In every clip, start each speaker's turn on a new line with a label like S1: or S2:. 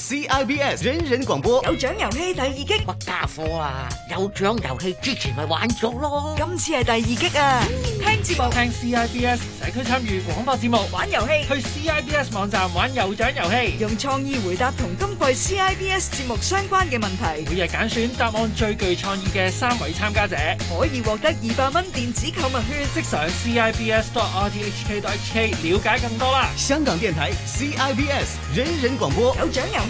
S1: CIBS 人人廣播有獎遊戲第二擊，乜家伙啊？有獎遊戲之前咪玩咗咯，今次係第二擊啊！聽節目，聽 CIBS 社區參與廣播節目，玩遊戲去 CIBS 網站玩有獎遊戲，用創意回答同今季 CIBS 節目相關嘅問題，每日揀選答案最具創意嘅三位參加者，可以獲得二百蚊電子購物券，即上 CIBS dot rthk dot hk 了解更多啦！香港電台 CIBS 人人廣播有獎遊。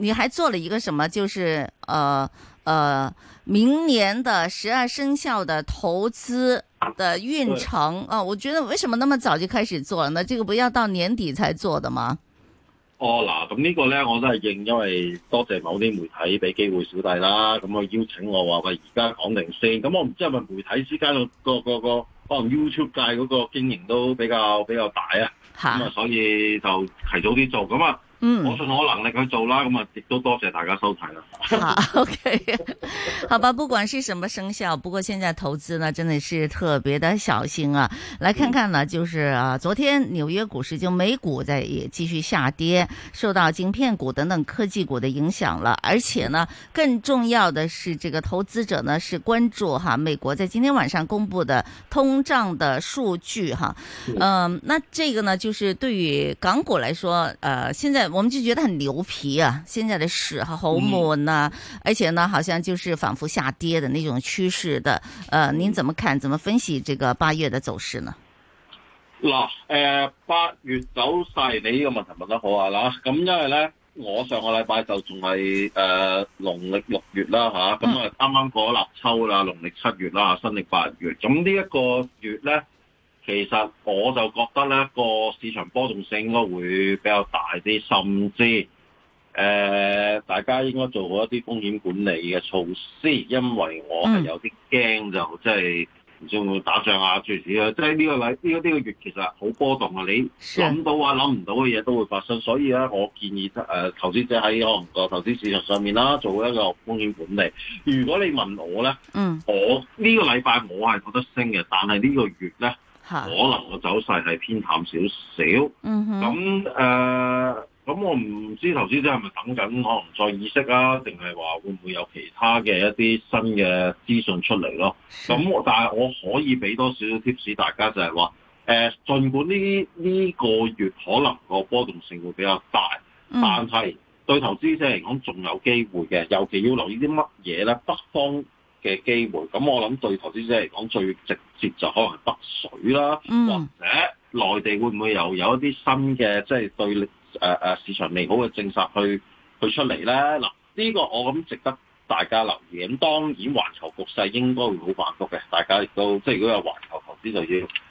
S2: 你還做了一個什麼？就是呃呃，明年的十二生肖的投資的運程啊！我覺得為什麼那麼早就開始做了呢？這個不要到年底才做的嗎？
S3: 哦，嗱，咁呢個咧我都係應，因為多謝某啲媒體俾機會小弟啦。咁啊，邀請我話喂，而家講明先，咁我唔知係咪媒體之間個個個可能 YouTube 界嗰個經營都比較比較大啊，咁啊、嗯，所以就提早啲做咁啊。嗯，我盡我能力去做啦，咁啊，亦都多謝大家收睇啦。好
S4: ，OK，
S2: 好吧，不管是什麼生肖，不過現在投資呢，真的是特別的小心啊。來看看呢，就是啊，昨天紐約股市就美股在也繼續下跌，受到晶片股等等科技股的影響了。而且呢，更重要的是，這個投資者呢是關注哈、啊、美國在今天晚上公布的通脹的數據哈、啊。嗯、呃，那這個呢，就是對於港股來說，呃，現在。我們就覺得很牛皮啊！現在的市好悶啊，嗯、而且呢，好像就是反覆下跌的那種趨勢的。呃，您怎麼看？怎麼分析這個八月的走勢呢？
S3: 嗱，誒、呃，八月走勢，你呢個問題問得好啊！嗱，咁因為咧，我上個禮拜就仲係誒農曆六月啦吓，咁、嗯、啊啱啱過立秋啦，農曆七月啦，新曆八月，咁呢一個月咧。其實我就覺得咧個市場波動性應該會比較大啲，甚至誒、呃、大家應該做好一啲風險管理嘅措施，因為我係有啲驚就真係唔知會唔會打仗啊，諸如此類。即係呢個禮呢、這個呢、這個月其實好波動啊，你諗到啊諗唔到嘅嘢都會發生，所以咧我建議誒、呃、投資者喺可能個投資市場上面啦，做一個風險管理。如果你問我咧、嗯，我呢、這個禮拜我係覺得升嘅，但係呢個月咧。可能個走勢係偏淡少少，咁、嗯、誒，咁、呃、我唔知投資者係咪等緊，可能再意識啊，定係話會唔會有其他嘅一啲新嘅資訊出嚟咯？咁但係我可以俾多少少 tips 大家就係話誒，儘管呢呢個月可能個波動性會比較大，嗯、
S4: 但係
S3: 對投資者嚟講仲有機會嘅，尤其要留意啲乜嘢咧？北方嘅機會，咁我諗對投資者嚟講最直接就可能北水啦，嗯、或者內地會唔會又有，有一啲新嘅即係對、呃、市場利好嘅政策去去出嚟咧？嗱，呢、這個我諗值得大家留意。咁當然，環球局勢應該會好繁複嘅，大家亦都即係、就是、如果有環球投資就要。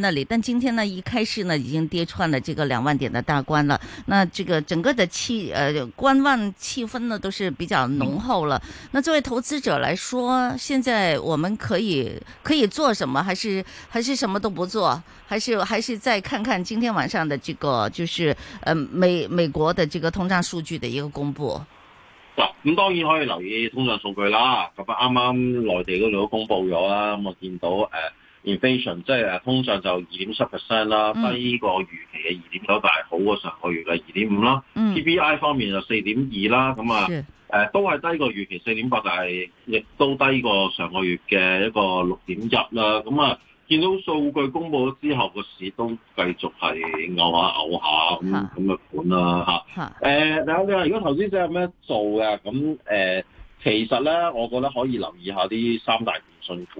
S2: 那裏，但今天呢，一開始呢，已經跌穿了這個兩萬點的大關了。那這個整個的氣呃觀望氣氛呢，都是比較濃厚了。那作為投資者來說，現在我們可以可以做什麼？還是還是什麼都不做？還是還是再看看今天晚上的這個就是呃美美國的這個通脹數據的一個公布。嗱、
S3: 嗯，咁當然可以留意通脹數據啦。咁啱啱內地嗰度都公布咗啦，咁我見到誒。呃 Inflation 即係誒，通脹就二點七 percent 啦，低過預期嘅二點九，但係好過上個月嘅二點五啦。t b i 方面就四點二啦，咁啊誒都係低過預期四點八，但係亦都低過上個月嘅一個六點一啦。咁啊，見到數據公布咗之後，個市都繼續係嘔下嘔下咁咁嘅款啦、啊、嚇。誒、嗯，嗱我哋話如果投資者有咩做嘅？咁誒、呃、其實咧，我覺得可以留意下啲三大。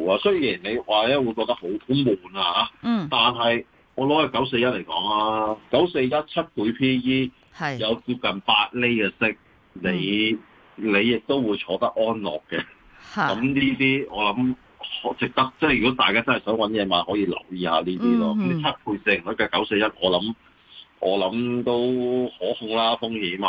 S3: 啊！雖然你話咧會覺得好好悶啊嚇，嗯，但係我攞個九四一嚟講啊，九四一七倍 PE，係有接近八釐嘅息，你、嗯、你亦都會坐得安樂嘅。咁呢啲，這這我諗好值得。即係如果大家真係想揾嘢買，可以留意下呢啲咯。七、嗯嗯、倍四成率嘅九四一，我諗我諗都可控啦，風險啊嘛。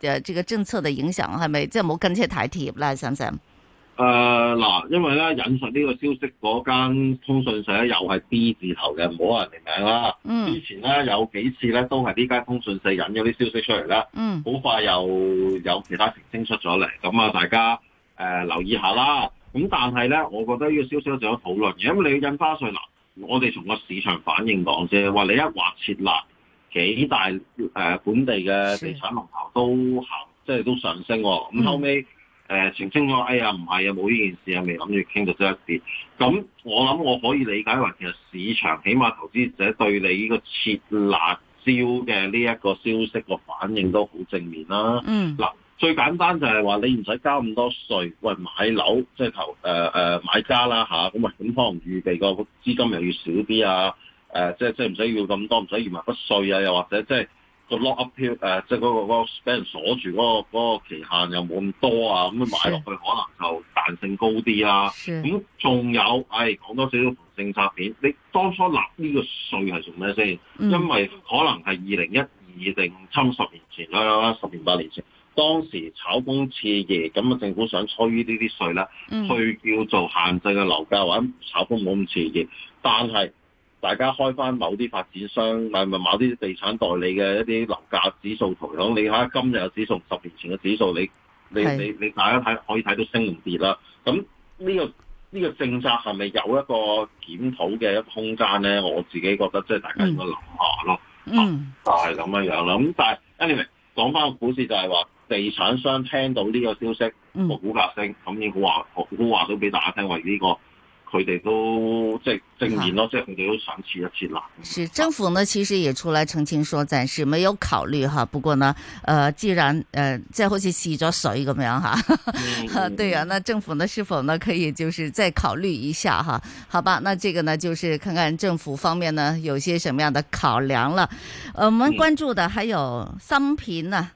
S2: 誒，這個政策嘅影響係咪即係冇跟車太貼啦，Sam Sam？
S3: 誒，嗱、呃，因為咧引述呢個消息嗰間通訊社又係 B 字頭嘅，唔好話人哋名啦。嗯。
S4: 之前咧
S3: 有幾次咧都係呢間通訊社引咗啲消息出嚟啦。嗯。好快又有，有其他澄清出咗嚟，咁啊大家誒、呃、留意一下啦。咁但係咧，我覺得呢個消息都仲有討論，如果你印花稅嗱，我哋從個市場反應講啫，話你一劃設立。幾大誒本地嘅地產龍頭都行，即係都上升喎，哦。咁、嗯、後尾誒澄清咗，哎呀唔係啊，冇呢件事啊，未諗住傾到即刻跌。咁我諗我可以理解為其實市場起碼投資者對你呢個撤辣招嘅呢一個消息個反應都好正面啦，啊。嗯，嗱最簡單就係話你唔使交咁多稅，喂買樓即係投誒誒、呃、買家啦吓，咁啊咁可能預備個資金又要少啲啊。誒、呃，即係即係唔使要咁多，唔使要埋筆稅啊！又或者即係個 lock up 票、呃、誒、即係、那、嗰個嗰，俾人鎖住嗰、那個嗰、那個期限又冇咁多啊！咁買落去可能就彈性高啲啦、啊。咁仲、嗯、有，誒、哎，講多少少同政策片。你當初立呢個稅係做咩先？因為可能係二零一二定差唔多十年前啦，十年八年前，當時炒風熾熱，咁啊政府想催呢啲稅啦，去叫做限制個樓價或者炒風冇咁熾熱，但係，大家開翻某啲發展商，但係某啲地產代理嘅一啲樓價指數圖，咁你睇今日嘅指數，十年前嘅指數，你你你你大家睇可以睇到升唔跌啦。咁呢、呢個呢、呢個政策係咪有一個檢討嘅一個空間咧？我自己覺得即係、就是、大家應該諗下咯。嗯，就係咁樣樣啦。咁但係，anyway，講翻個股市就係話地產商聽到呢個消息，個股價升，咁已經話我估話都俾大家聽為呢、呢個。佢哋都即係正面咯、啊，即係佢哋都想試一次難。
S2: 是政府呢，其實也出來澄清說，暫時沒有考慮哈、啊。不過呢，呃既然呃再即係好似試咗水咁樣哈，哈、嗯啊，對啊，那政府呢，是否呢可以就是再考慮一下哈？好吧，那這個呢，就是看看政府方面呢，有些什麼樣的考量了。呃，我們關注的還有三品呢。嗯。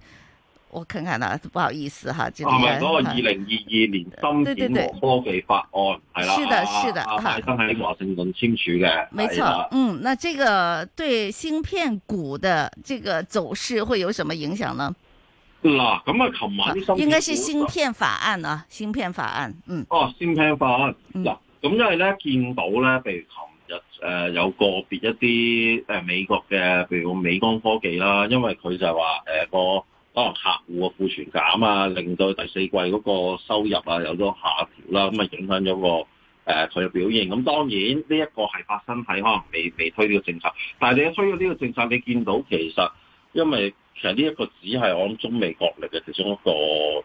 S2: 我看看啦、啊，不好意思哈、啊，就係嗰個二零
S3: 二二年芯片科技法案係啦，係啊，係生喺華盛頓簽署嘅，沒錯。嗯，
S2: 那這個對芯片股的這個走勢會有什麼影響呢？
S3: 嗱，咁啊，琴晚應該是芯
S2: 片法案啊，芯片法案，
S3: 嗯，哦、啊，芯片法案，嗱、嗯，咁、啊、因為咧見到咧，譬如琴日誒，有個別一啲誒美國嘅，譬如美光科技啦，因為佢就話誒、呃那個。可能客戶嘅庫存減啊，令到第四季嗰個收入啊有咗下調啦、啊，咁啊影響咗個誒佢嘅表現。咁當然呢一個係發生喺可能未未推呢個政策，但係你一推咗呢個政策，你見到其實因為其實呢一個只係我諗中美角力嘅其中一個、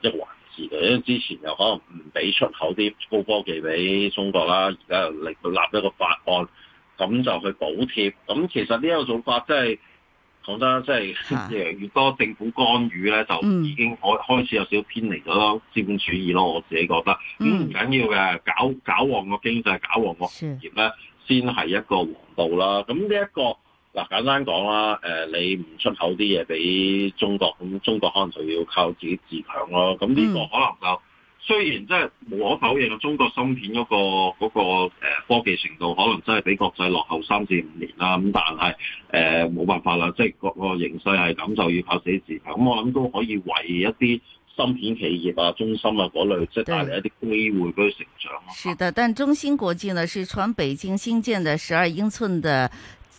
S3: 即係、一個環節嘅，因為之前又可能唔俾出口啲高科技俾中國啦，而家又立立一個法案咁就去補貼，咁其實呢一個做法真、就、係、是。講得即係越嚟越多政府干預咧，就已經開始有少少偏離咗資本主義咯。我自己覺得咁唔緊要嘅，搞搞旺個經濟，搞旺個業咧，先係一個王道啦。咁呢一個嗱、啊、簡單講啦、呃，你唔出口啲嘢俾中國，咁中國可能就要靠自己自強咯。咁呢個可能就～雖然即係無可否認嘅中國芯片嗰、那個嗰、那個、科技程度可能真係比國際落後三至五年啦，咁但係誒冇辦法啦，即係個個形勢係咁就要拍死字，咁我諗都可以為一啲芯片企業啊、中芯啊嗰類即係、就是、帶嚟一啲機會去成長
S2: 咯。是的，但中芯國際呢是傳北京新建的十二英寸的。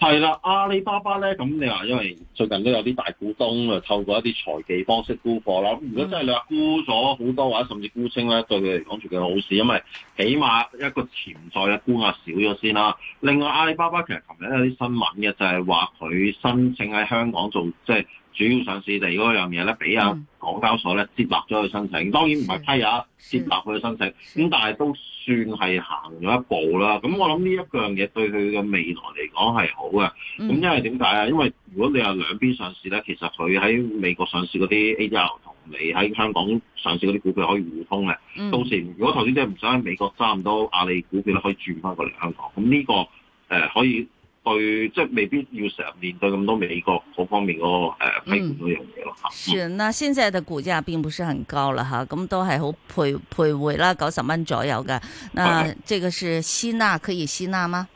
S3: 係啦，阿里巴巴咧，咁你話因為最近都有啲大股東啊，透過一啲財技方式沽貨啦。如果真係你話沽咗好多話，甚至沽清咧，對佢嚟講絕對好事，因為起碼一個潛在嘅沽壓少咗先啦。另外，阿里巴巴其實琴日有啲新聞嘅，就係話佢申請喺香港做即係、就是、主要上市地嗰樣嘢咧，俾啊港交所咧接納咗佢申請，當然唔係批啊，接納佢嘅申請。咁但係都，算係行咗一步啦，咁我諗呢一樣嘢對佢嘅未來嚟講係好嘅，咁因為點解啊？因為如果你話兩邊上市咧，其實佢喺美國上市嗰啲 ADR 同你喺香港上市嗰啲股票可以互通嘅、嗯，到時如果投資者唔想喺美國揸咁多阿里股票咧，可以轉翻過嚟香港，咁呢、個誒、呃、可以。對，即係未必要成日面對咁多美國嗰方面個誒批評嗰樣嘢咯吓。是，
S2: 那現在的股價並不是很高了哈，咁都係好徘徘徊啦，九十蚊左右嘅。那這個是吸納可以吸納嗎？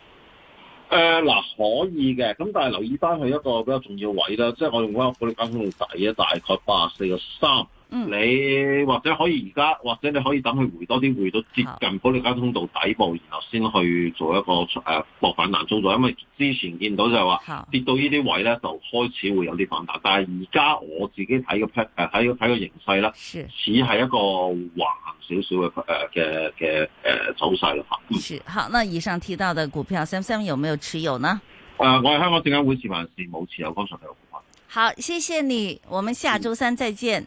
S3: 誒、嗯，嗱、呃，可以嘅，咁但係留意翻佢一個比較重要的位啦，即、就、係、是、我用我我哋監控到底啊，大概八四個三。嗯、你或者可以而家，或者你可以等佢回多啲，回到接近保歷加通道底部，然後先去做一個誒博、呃、反彈操作。因為之前見到就話跌到呢啲位咧，就開始會有啲反彈。但係而家我自己睇個睇個睇個形勢咧，
S4: 似係一
S3: 個橫行少少嘅嘅嘅誒走勢、嗯、
S2: 好。那以上提到嘅股票，Sam
S3: Sam 有沒有持有呢？啊、呃，我係香港證監會持牌人士，冇持有剛才有股份。
S2: 好，謝謝你。我們下周三再見。嗯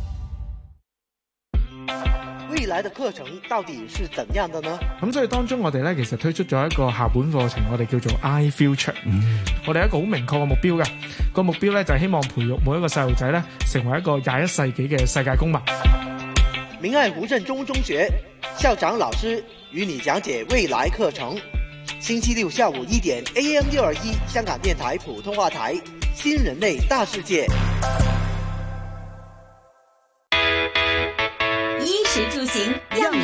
S1: 來的課程到底是怎樣的呢？咁所以當中我哋咧，其實推出咗一個校本課程，我哋叫做 I Future。Mm. 我哋一個好明確嘅目標嘅，
S5: 個目標咧就係、是、希望培育每一個細路仔咧，成為一個廿一世紀嘅世界公民。
S1: 明愛胡振中中學校長老師與你講解未來課程，星期六下午一點，AM 六二一，香港電台普通話台，新人類大世界。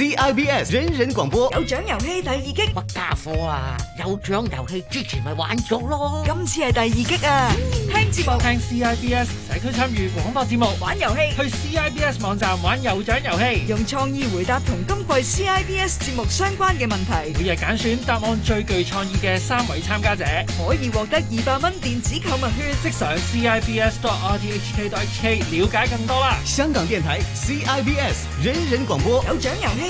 S1: CIBS 人人廣播有獎遊戲第二擊，乜傢伙啊！有獎遊戲之前咪玩咗咯，今次係第二擊啊！聽節目，聽 CIBS 社區參與廣播節目玩遊戲，去 CIBS 網站玩有獎遊戲，用創意回答同今季 CIBS 節目相關嘅問題，每日揀選答案最具創意嘅三位參加者，可以獲得二百蚊電子購物券，即上 CIBS dot RTHK dot HK 了解更多啦！香港電台 CIBS 人人廣播
S6: 有獎遊戲。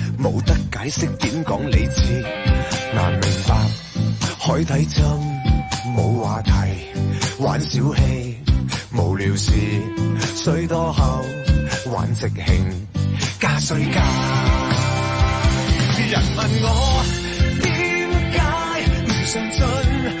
S7: 冇得解釋，點講理智難明白，海底針冇話題，玩小戲，無聊事，水多口玩即興，加水加。人問我點解唔上進？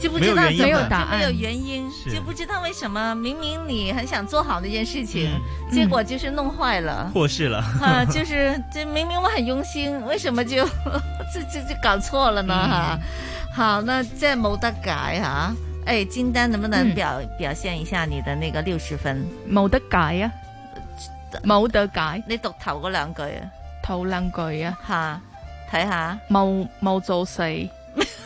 S2: 就不知道沒有，沒有答案，沒有原因，就不知道為什麼。明明你很想做好那件事情，嗯，結果就是弄壞了，
S5: 破、嗯、事了。哈、啊， 就
S2: 是就明明我很用心，為什麼就這這這搞錯了呢？哈、嗯啊，好，那再冇得解。哈、啊。哎，金丹能不能表、嗯、表現一下你的那個六十分？冇得解啊，冇、呃、得解。你讀頭嗰兩句、啊，頭兩句
S8: 啊，哈、啊，睇下冇冇做細。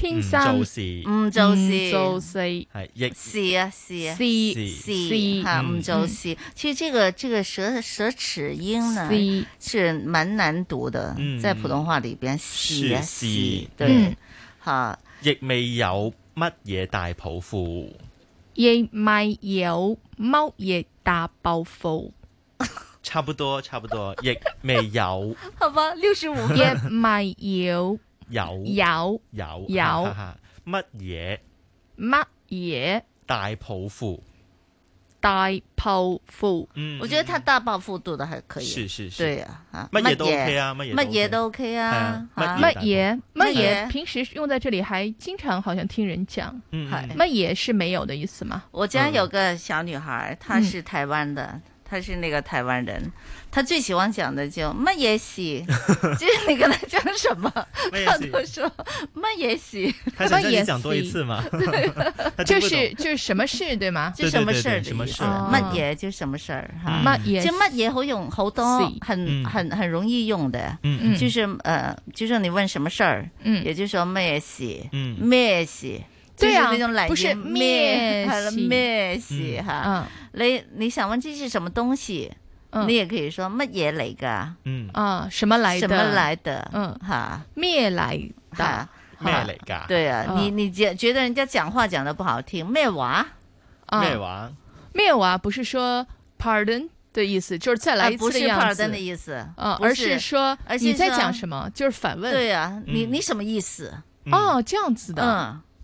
S2: 偏，唔、嗯、做事，唔、嗯、做事，係亦是啊，是啊，是是吓，唔做事。其實這個這個舌舌齒音呢、啊，是蠻難讀的、嗯，在普通話裏邊，是啊，是，對，吓、嗯，
S5: 亦未有乜嘢大抱負，
S2: 亦
S8: 未有乜嘢大抱負，
S5: 差不多，差不多，亦未有，
S8: 好吧，六十五，亦未有。
S5: 有有有有，乜嘢
S8: 乜嘢
S5: 大抱負？
S2: 大泡芙，嗯，我覺得他大抱負讀得還可以，是是是對、啊，
S5: 對呀，哈，乜嘢
S2: 都 OK 啊，乜嘢乜嘢都 OK
S8: 啊，乜嘢乜嘢平時用在這裏還經常好像聽人講，乜、啊、嘢、啊啊、是沒有的意思嘛、嗯？
S2: 我家有個小女孩，她是台灣的。嗯嗯他是那個台灣人，他最喜歡講的叫乜嘢事， 就是你跟他講什麼， 他都說乜嘢事。他講多一次嗎？ 就是就是什麼事對嗎？就什麼事兒，哦？什麼事嘢，哦嗯，就什麼事兒？乜嘢就乜嘢好用好多，很很很容易用的。嗯嗯。就是呃，就是你問什麼事兒？嗯，也就是說乜嘢事？乜嘢事？嗯嗯對、就、呀、是、那種懶言，咩係咩係哈？你、嗯、你想問這是什麼東西？嗯、你也可以說乜嘢嚟噶？嗯
S8: 啊，什麼來的？什麼來的？嗯哈，咩來的？
S2: 咩嚟噶？對啊，哦、你你覺覺得人家講話講的不好聽？咩話？咩
S8: 話？咩、啊、話？咩話不是說 pardon 的意思，就是再來一次的樣子、啊、不是 pardon 的意思
S2: 啊，而是說，而是說你在講什麼、
S8: 啊？就是反問。對啊，嗯、你你什麼意思、嗯？哦，這樣子的。嗯。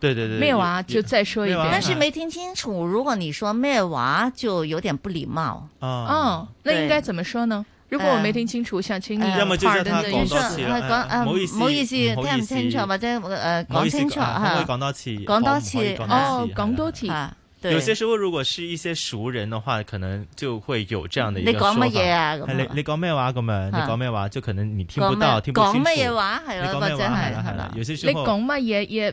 S5: 對，對對對，咩話，就再說一遍，但是沒
S2: 聽清楚。啊、如果你說咩話，沒就有點不禮貌哦、嗯，那應該怎麼說呢？如果我沒聽清楚，想請你。要、嗯、麼就
S8: 是他講多次了，唔好意思，唔好意思，聽唔清楚，或者呃，講清楚。我講多次，講多次，哦，講多次。有
S5: 些時候，啊、如果是一些熟人的話，可能就會有這樣的一個說法。你你講咩話，咁樣，你講咩話，就可能你聽不到，聽不清講乜嘢話？
S8: 係咯，
S4: 或
S5: 者係啦。有些時候，你
S8: 講乜嘢？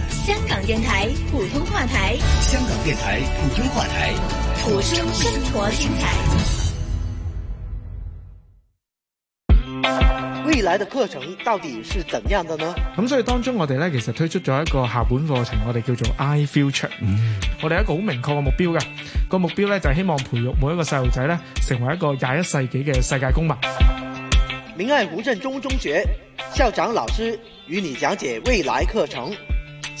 S9: 香港電台普通話台，香港
S10: 電台普通話台，普通生活精彩。
S1: 未來的課程到底是怎樣的呢？
S5: 咁所以當中我哋呢，我哋咧其實推出咗一個校本課程，我哋叫做 I Future。Mm.
S4: 我哋有
S1: 一個好明確嘅目標嘅，這個目標咧就係、是、希望培育每一個細路仔咧成為一個廿一世紀嘅世界公民。明愛胡振中中學校長老師與你講解未來課程。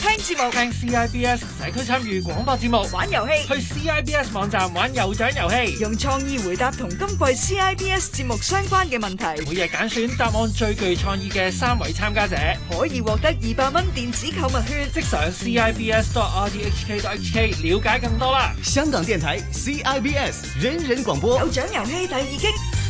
S1: 聽節目，聽 CIBS 社區參與廣播節目；玩遊戲，去 CIBS 網站玩有獎遊戲，用創意回答同今季 CIBS 節目相關嘅問題。每日揀選答案最具創意嘅三位參加者，可以獲得二百蚊電子購物券。即上 CIBS dot rthk dot hk 了解更多啦！香港電台 CIBS 人人廣播，有獎遊戲第二擊。